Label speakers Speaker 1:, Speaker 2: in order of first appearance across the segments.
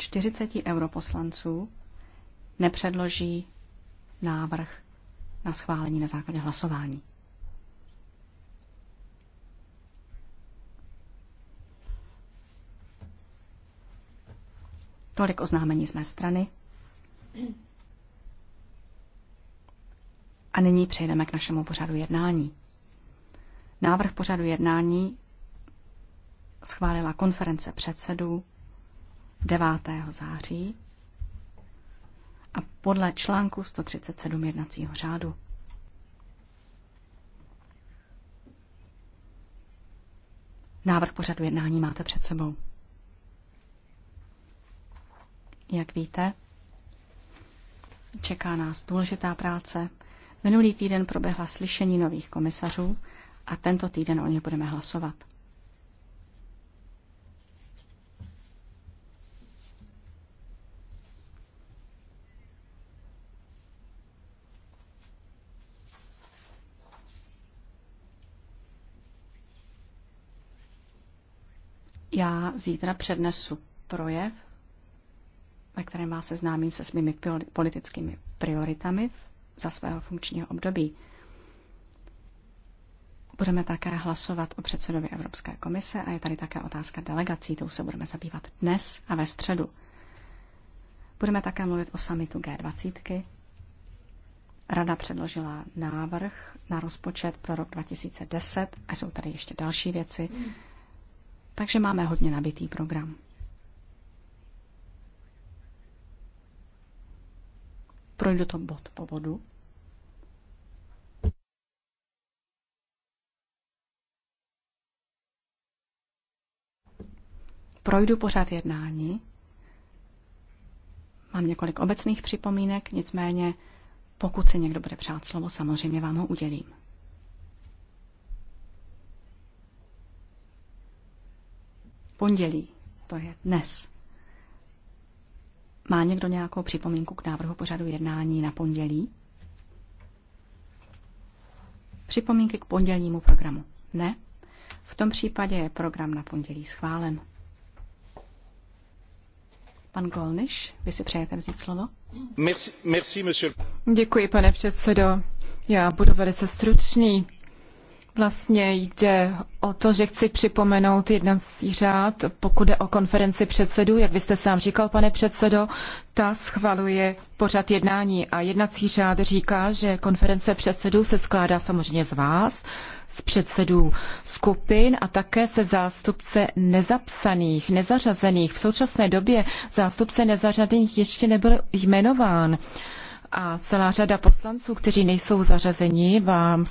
Speaker 1: 40 europoslanců nepředloží návrh na schválení na základě hlasování. Tolik oznámení z mé strany. A nyní přejdeme k našemu pořadu jednání. Návrh pořadu jednání schválila konference předsedů 9. září a podle článku 137 jednacího řádu. Návrh pořadu jednání máte před sebou. Jak víte, čeká nás důležitá práce. Minulý týden proběhla slyšení nových komisařů a tento týden o ně budeme hlasovat. Já zítra přednesu projev, ve kterém vás seznámím se svými politickými prioritami za svého funkčního období. Budeme také hlasovat o předsedovi Evropské komise a je tady také otázka delegací, tou se budeme zabývat dnes a ve středu. Budeme také mluvit o samitu G20. Rada předložila návrh na rozpočet pro rok 2010 a jsou tady ještě další věci. Takže máme hodně nabitý program. Projdu to bod po bodu. Projdu pořád jednání. Mám několik obecných připomínek, nicméně pokud si někdo bude přát slovo, samozřejmě vám ho udělím. pondělí, to je dnes. Má někdo nějakou připomínku k návrhu pořadu jednání na pondělí? Připomínky k pondělnímu programu? Ne? V tom případě je program na pondělí schválen. Pan Golniš, vy si přejete vzít slovo?
Speaker 2: Merci, merci, monsieur.
Speaker 1: Děkuji, pane předsedo.
Speaker 3: Já budu velice stručný. Vlastně jde o to, že chci připomenout jednací řád, pokud jde o konferenci předsedů, jak vy jste sám říkal, pane předsedo, ta schvaluje pořad jednání a jednací řád říká, že konference předsedů se skládá samozřejmě z vás, z předsedů skupin a také se zástupce nezapsaných, nezařazených. V současné době zástupce nezařazených ještě nebyl jmenován a celá řada poslanců, kteří nejsou zařazeni, vám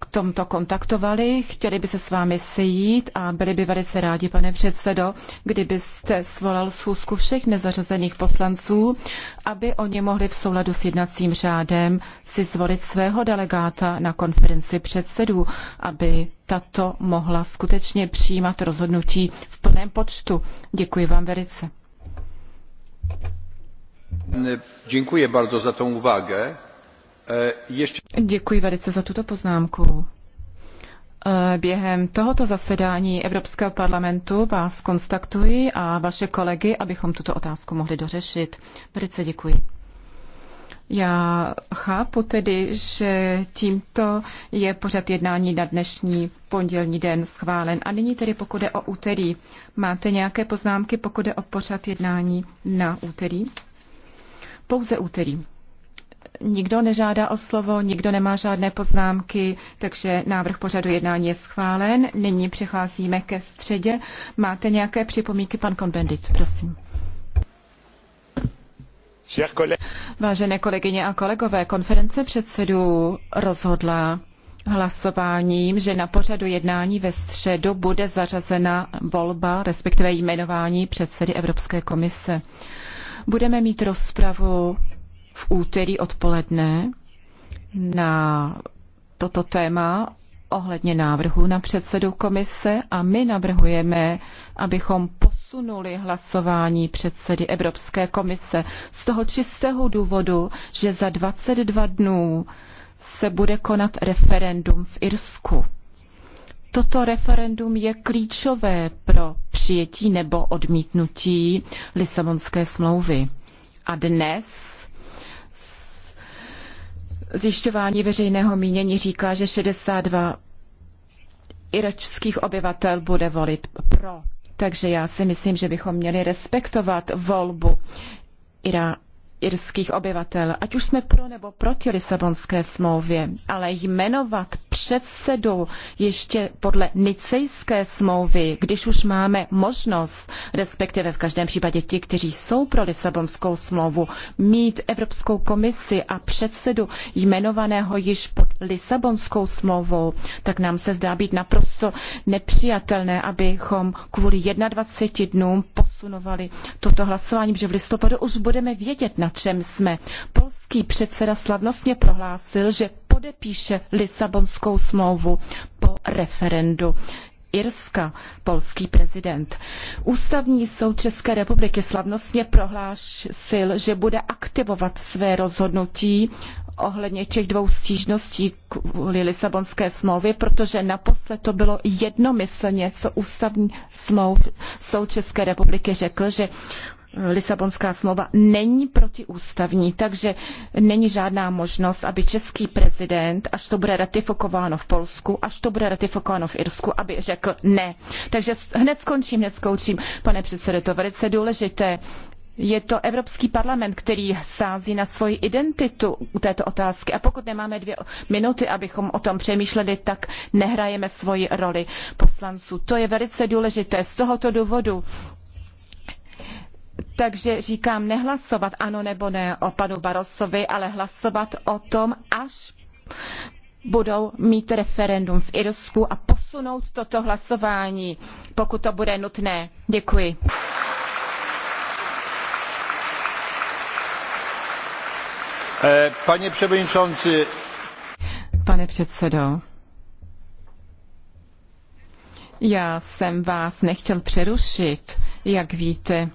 Speaker 3: k tomto kontaktovali, chtěli by se s vámi sejít a byli by velice rádi, pane předsedo, kdybyste svolal schůzku všech nezařazených poslanců, aby oni mohli v souladu s jednacím řádem si zvolit svého delegáta na konferenci předsedů, aby tato mohla skutečně přijímat rozhodnutí v plném počtu. Děkuji vám velice.
Speaker 2: Děkuji bardzo za tą uwagę. Eh, ještě...
Speaker 3: Děkuji velice za tuto poznámku. Eh, během tohoto zasedání Evropského parlamentu vás kontaktuji a vaše kolegy, abychom tuto otázku mohli dořešit. Velice děkuji. Já chápu tedy, že tímto je pořad jednání na dnešní pondělní den schválen. A nyní tedy pokud jde o úterý. Máte nějaké poznámky, pokud jde o pořad jednání na úterý? Pouze úterý nikdo nežádá o slovo, nikdo nemá žádné poznámky, takže návrh pořadu jednání je schválen. Nyní přecházíme ke středě. Máte nějaké připomínky, pan Konbendit, prosím. Vážené kolegyně a kolegové, konference předsedů rozhodla hlasováním, že na pořadu jednání ve středu bude zařazena volba, respektive jmenování předsedy Evropské komise. Budeme mít rozpravu v úterý odpoledne na toto téma ohledně návrhu na předsedu komise a my navrhujeme, abychom posunuli hlasování předsedy Evropské komise z toho čistého důvodu, že za 22 dnů se bude konat referendum v Irsku. Toto referendum je klíčové pro přijetí nebo odmítnutí Lisabonské smlouvy. A dnes zjišťování veřejného mínění říká, že 62 iračských obyvatel bude volit pro. Takže já si myslím, že bychom měli respektovat volbu Ira- irských obyvatel, ať už jsme pro nebo proti Lisabonské smlouvě, ale jmenovat předsedu ještě podle nicejské smlouvy, když už máme možnost, respektive v každém případě ti, kteří jsou pro Lisabonskou smlouvu, mít Evropskou komisi a předsedu jmenovaného již pod Lisabonskou smlouvou, tak nám se zdá být naprosto nepřijatelné, abychom kvůli 21 dnům posunovali toto hlasování, protože v listopadu už budeme vědět na čem jsme. Polský předseda slavnostně prohlásil, že podepíše Lisabonskou smlouvu po referendu. Irska, polský prezident. Ústavní soud České republiky slavnostně prohlásil, že bude aktivovat své rozhodnutí ohledně těch dvou stížností kvůli Lisabonské smlouvě, protože naposled to bylo jednomyslně, co ústavní smlouv soud České republiky řekl, že Lisabonská smlouva není protiústavní, takže není žádná možnost, aby český prezident, až to bude ratifikováno v Polsku, až to bude ratifikováno v Irsku, aby řekl ne. Takže hned skončím, hned skončím. Pane předsedo, to velice důležité je to Evropský parlament, který sází na svoji identitu u této otázky. A pokud nemáme dvě minuty, abychom o tom přemýšleli, tak nehrajeme svoji roli poslanců. To je velice důležité z tohoto důvodu. Takže říkám nehlasovat ano nebo ne o panu Barosovi, ale hlasovat o tom, až budou mít referendum v Irsku a posunout toto hlasování, pokud to bude nutné. Děkuji.
Speaker 2: Eh, Pane předsedající.
Speaker 3: Pane předsedo, já jsem vás nechtěl přerušit, jak víte.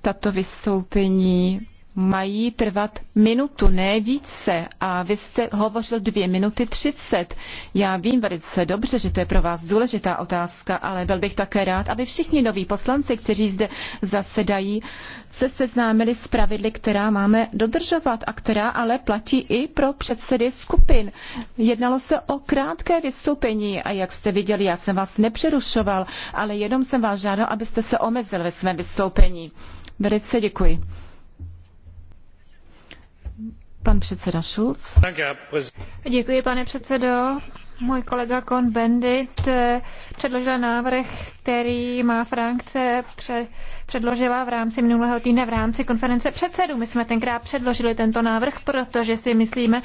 Speaker 3: Tato vystoupení mají trvat minutu, ne více. A vy jste hovořil dvě minuty třicet. Já vím velice dobře, že to je pro vás důležitá otázka, ale byl bych také rád, aby všichni noví poslanci, kteří zde zasedají, se seznámili s pravidly, která máme dodržovat a která ale platí i pro předsedy skupin. Jednalo se o krátké vystoupení a jak jste viděli, já jsem vás nepřerušoval, ale jenom jsem vás žádal, abyste se omezil ve svém vystoupení. Velice děkuji. Pan
Speaker 1: předseda Schulz.
Speaker 3: Děkuji, pane předsedo. Můj kolega Kon
Speaker 4: Bendit eh, předložil návrh, který má Frankce předložila v rámci minulého týdne v rámci konference předsedů. My jsme tenkrát předložili tento návrh, protože si myslíme,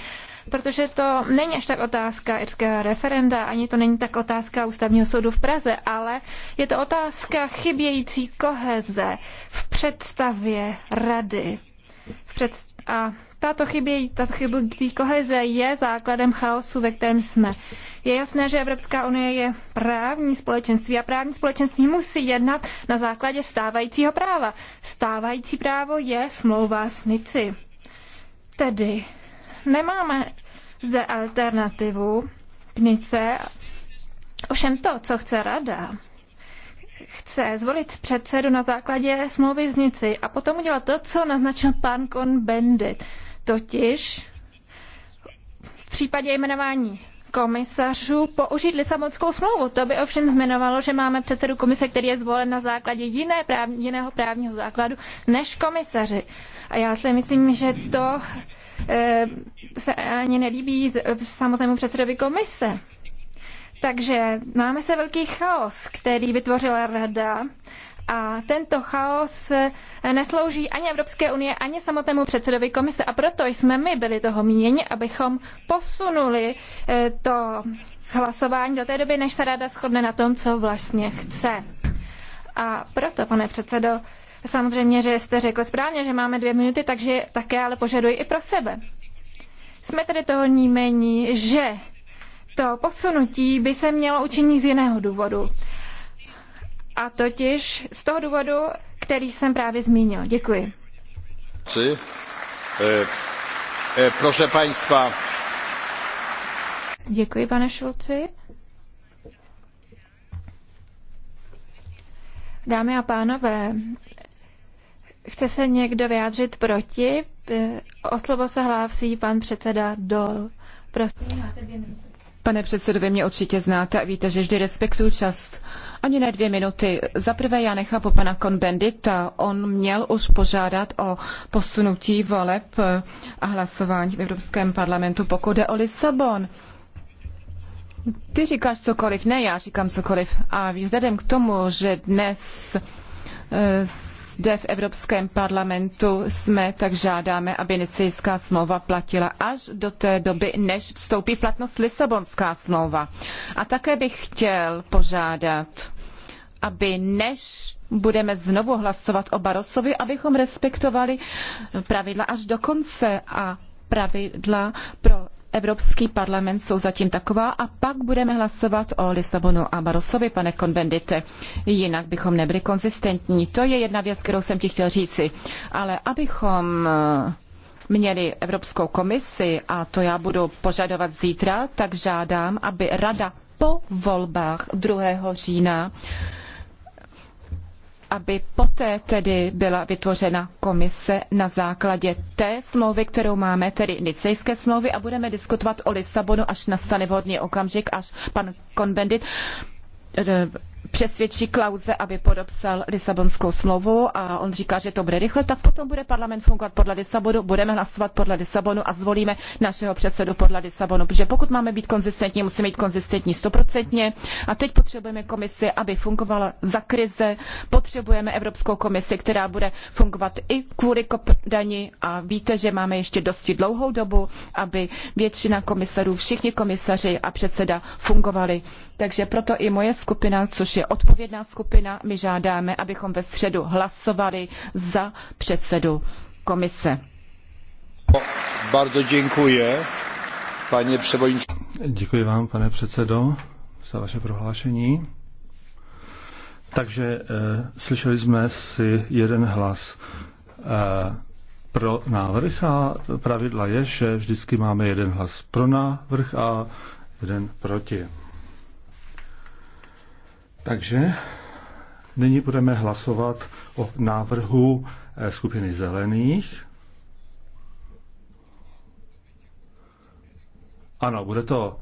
Speaker 4: protože to není až tak otázka irského referenda, ani to není tak otázka ústavního soudu v Praze, ale je to otázka chybějící koheze v představě rady. V a tato, chybě, tato chybějící koheze je základem chaosu, ve kterém jsme. Je jasné, že Evropská unie je právní společenství a právní společenství musí jednat na základě stávajícího práva. Stávající právo je smlouva s NICI. Tedy nemáme zde alternativu k NICE, ovšem to, co chce rada, chce zvolit předsedu na základě smlouvy z Nici a potom udělat to, co naznačil pan Kon Bendit totiž v případě jmenování komisařů použít Lisabonskou smlouvu. To by ovšem zmenovalo, že máme předsedu komise, který je zvolen na základě jiné práv, jiného právního základu než komisaři. A já si myslím, že to e, se ani nelíbí samotnému předsedovi komise. Takže máme se velký chaos, který vytvořila rada a tento chaos neslouží ani Evropské unie, ani samotnému předsedovi komise. A proto jsme my byli toho míněni, abychom posunuli eh, to hlasování do té doby, než se ráda shodne na tom, co vlastně chce. A proto, pane předsedo, samozřejmě, že jste řekl správně, že máme dvě minuty, takže také ale požaduji i pro sebe. Jsme tedy toho nímení, že to posunutí by se mělo učinit z jiného důvodu a totiž z toho důvodu, který jsem právě zmínil. Děkuji.
Speaker 2: Eh, eh, proszę Państwa.
Speaker 4: Děkuji, pane Šulci. Dámy a pánové, chce se někdo vyjádřit proti? Eh, o slovo se hlásí
Speaker 3: pan předseda Dol. Prosím,
Speaker 4: máte dvě minuty.
Speaker 3: Pane předsedo, vy mě určitě znáte a víte, že vždy respektuju čas ani ne dvě minuty. Zaprvé já nechápu pana Konbendita. On měl už požádat o posunutí voleb eh, a hlasování v Evropském parlamentu, pokud jde o Lisabon. Ty říkáš cokoliv, ne, já říkám cokoliv. A vzhledem k tomu, že dnes eh, zde v Evropském parlamentu jsme, tak žádáme, aby Nicejská smlouva platila až do té doby, než vstoupí v platnost Lisabonská smlouva. A také bych chtěl požádat, aby než budeme znovu hlasovat o Barosovi, abychom respektovali pravidla až do konce a pravidla pro Evropský parlament jsou zatím taková a pak budeme hlasovat o Lisabonu a Barosovi, pane konvendite. Jinak bychom nebyli konzistentní. To je jedna věc, kterou jsem ti chtěl říci. Ale abychom eh, měli Evropskou komisi, a to já budu požadovat zítra, tak žádám, aby Rada po volbách 2. října aby poté tedy byla vytvořena komise na základě té smlouvy, kterou máme, tedy nicejské smlouvy a budeme diskutovat o Lisabonu, až nastane vhodný okamžik, až pan Konbendit eh, přesvědčí Klauze, aby podepsal Lisabonskou smlouvu a on říká, že to bude rychle, tak potom bude parlament fungovat podle Lisabonu, budeme hlasovat podle Lisabonu a zvolíme našeho předsedu podle Lisabonu. Protože pokud máme být konzistentní, musíme být konzistentní stoprocentně a teď potřebujeme komisi, aby fungovala za krize, potřebujeme Evropskou komisi, která bude fungovat i kvůli dani a víte, že máme ještě dosti dlouhou dobu, aby většina komisarů, všichni komisaři a předseda fungovali. Takže proto i moje skupina, což je naše odpovědná skupina. My žádáme, abychom ve středu hlasovali za předsedu komise.
Speaker 2: Bardzo děkuji, pane převodniče. Děkuji vám, pane předsedo, za vaše prohlášení. Takže eh, slyšeli jsme si jeden hlas eh, pro návrh a pravidla je, že vždycky máme jeden hlas pro návrh a jeden proti. Takže nyní budeme hlasovat o návrhu eh, skupiny zelených. Ano, bude to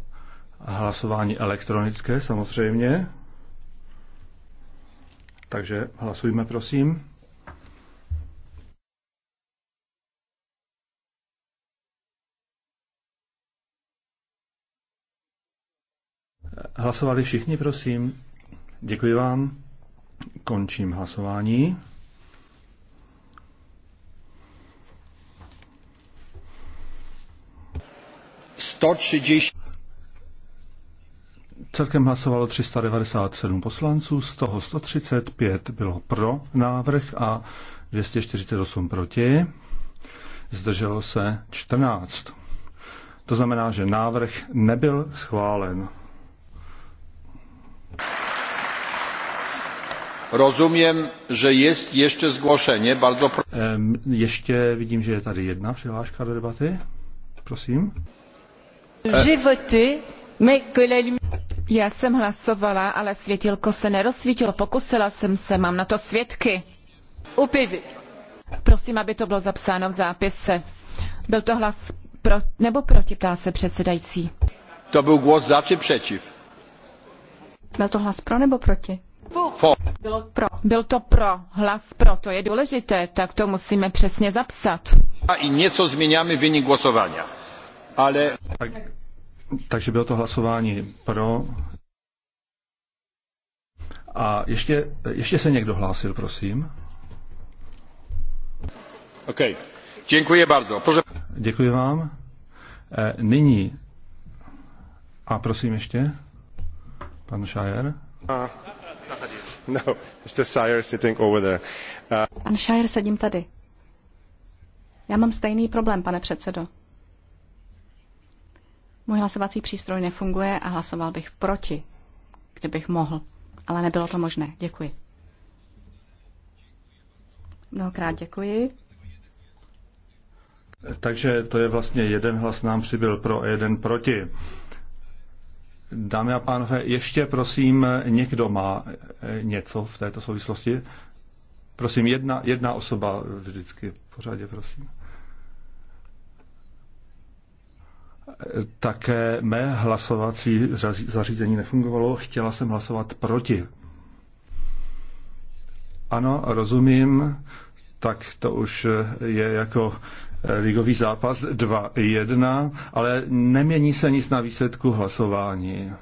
Speaker 2: hlasování elektronické samozřejmě. Takže hlasujme, prosím. Hlasovali všichni, prosím. Děkuji vám. Končím hlasování. 130. Celkem hlasovalo 397 poslanců, z toho 135 bylo pro návrh a 248 proti. Zdrželo se 14. To znamená, že návrh nebyl schválen. Rozumím, že je ještě zgłoszenie, bardzo pro... ještě vidím, že je tady jedna přihláška do debaty. Prosím.
Speaker 3: J'ai Já jsem hlasovala, ale světilko se nerozsvítilo. Pokusila jsem se, mám na to svědky. UPV. Prosím, aby to bylo zapsáno v zápise. Byl to hlas pro, nebo proti, ptá se předsedající.
Speaker 2: To byl głos za či přečiv?
Speaker 3: Byl to hlas pro nebo proti? Bylo, pro. Byl to pro, hlas pro, to je důležité, tak to musíme přesně zapsat.
Speaker 2: A i něco změníme vynik hlasování. Ale... Tak, takže bylo to hlasování pro. A ještě, ještě se někdo hlásil, prosím. OK. Děkuji bardzo. Děkuji vám. E, nyní. A prosím ještě. Pan Šajer. A... No, Mr. Sire sitting over there. Uh...
Speaker 1: Pan Shire, sedím tady. Já mám stejný problém, pane předsedo. Můj hlasovací přístroj nefunguje a hlasoval bych proti, kdybych mohl. Ale nebylo to možné. Děkuji. Mnohokrát děkuji.
Speaker 2: Takže to je vlastně jeden hlas nám přibyl pro a jeden proti. Dámy a pánové, ještě prosím, někdo má eh, něco v této souvislosti? Prosím, jedna, jedna osoba vždycky pořadě, prosím. Eh, také mé hlasovací zařízení nefungovalo, chtěla jsem hlasovat proti. Ano, rozumím, tak to už eh, je jako ligový zápas 2-1, ale nemění se nic na výsledku hlasování.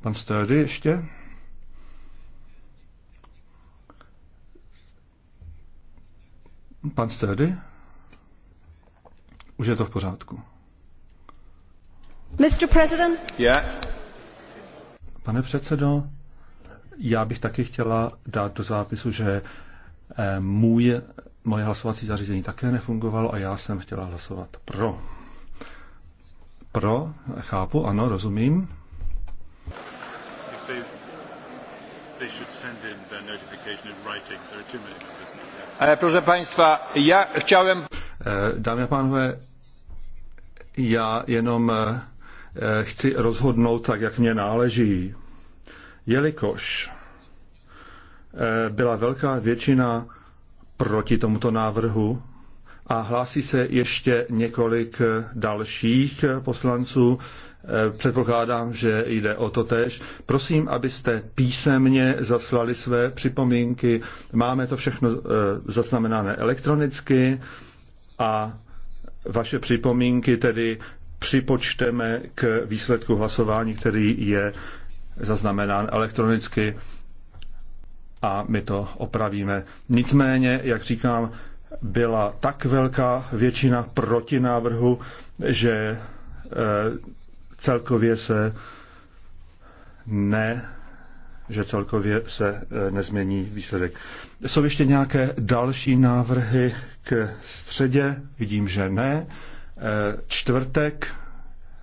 Speaker 2: Pan Sturdy ještě? Pan Sturdy? Už je to v pořádku.
Speaker 4: Mr. President?
Speaker 2: Yeah. Pane předsedo, já bych taky chtěla dát do zápisu, že eh, můj Moje hlasovací zařízení také nefungovalo a já jsem chtěla hlasovat pro. Pro, chápu, ano, rozumím. Proszę Państwa, ja chciałem... E, dámy a pánové, já jenom e, e, chci rozhodnout tak, jak mě náleží. Jelikož byla velká většina proti tomuto návrhu. A hlásí se ještě několik dalších poslanců. E, předpokládám, že jde o to tež. Prosím, abyste písemně zaslali své připomínky. Máme to všechno e, zaznamenané elektronicky a vaše připomínky tedy připočteme k výsledku hlasování, který je zaznamenán elektronicky a my to opravíme. Nicméně, jak říkám, byla tak velká většina proti návrhu, že e, celkově se ne, že celkově se e, nezmění výsledek. Jsou ještě nějaké další návrhy k středě? Vidím, že ne. E, čtvrtek?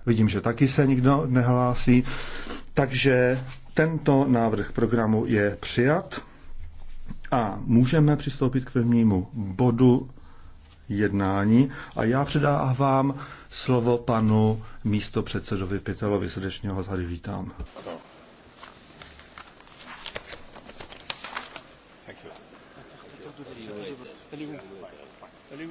Speaker 2: Vidím, že taky se nikdo nehlásí. Takže tento návrh programu je přijat. A můžeme přistoupit k prvnímu bodu jednání a já předávám slovo panu místopředsedovi Pitelovi. Srdečně ho tady vítám. Thank you.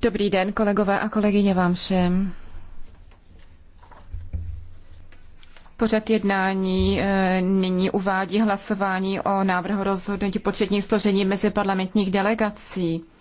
Speaker 3: Dobrý den, kolegové a kolegyně vám všem. Pořad jednání eh, nyní uvádí hlasování o návrhu rozhodnutí početní složení meziparlamentních delegací.